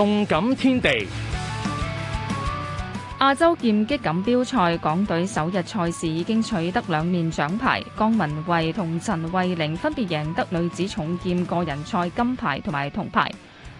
動感天地。亞洲劍擊錦標賽，港隊首日賽事已經取得兩面獎牌，江旻憓同陳渭泠分別贏得女子重劍個人賽金牌同埋銅牌。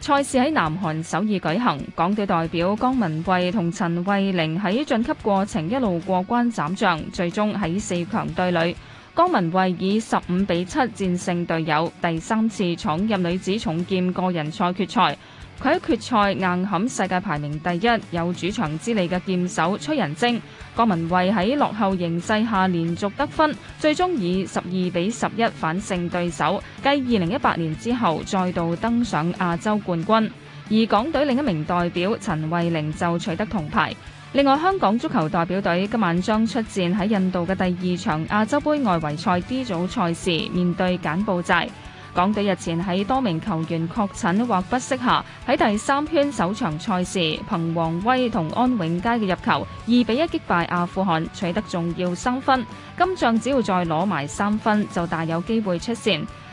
賽事喺南韓首爾舉行，港隊代表江旻憓同陳渭泠喺晉級過程一路過關斬將，最終喺四強對壘，江旻憓以十五比七戰勝隊友，第三次闖入女子重劍個人賽決賽。佢喺決賽硬撼世界排名第一、有主場之利嘅劍手崔仁晶，江旻憓喺落後形勢下連續得分，最終以十二比十一反勝對手，繼二零一八年之後再度登上亞洲冠軍。而港隊另一名代表陳渭泠就取得銅牌。另外，香港足球代表隊今晚將出戰喺印度嘅第二場亞洲盃外圍賽 D 組賽事，面對柬埔寨。港隊日前喺多名球員確診或不適下，喺第三圈首場賽事，憑王威同安永佳嘅入球，二比一擊敗阿富汗，取得重要三分。今仗只要再攞埋三分，就大有機會出線。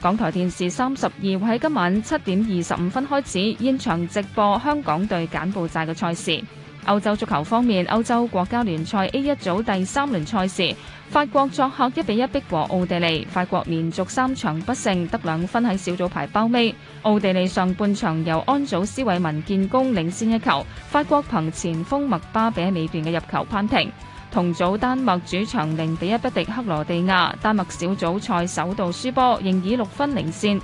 港台電視三十二會喺今晚七點二十五分開始現場直播香港對柬埔寨嘅賽事。歐洲足球方面，歐洲國家聯賽 A 一組第三輪賽事，法國作客一比一逼和奧地利。法國連續三場不勝，得兩分喺小組排包尾，尾。奧地利上半場由安祖斯韋文建功領先一球，法國憑前鋒麥巴比喺尾段嘅入球扳平。同組丹麥主場零比一不敵克羅地亞，丹麥小組賽首度輸波，仍以六分領先。